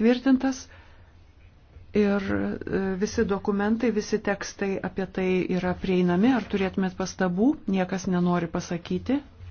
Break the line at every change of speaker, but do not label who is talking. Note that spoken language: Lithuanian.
tvirtintas ir e, visi dokumentai, visi tekstai apie tai yra prieinami. Ar turėtumėt pastabų? Niekas nenori pasakyti.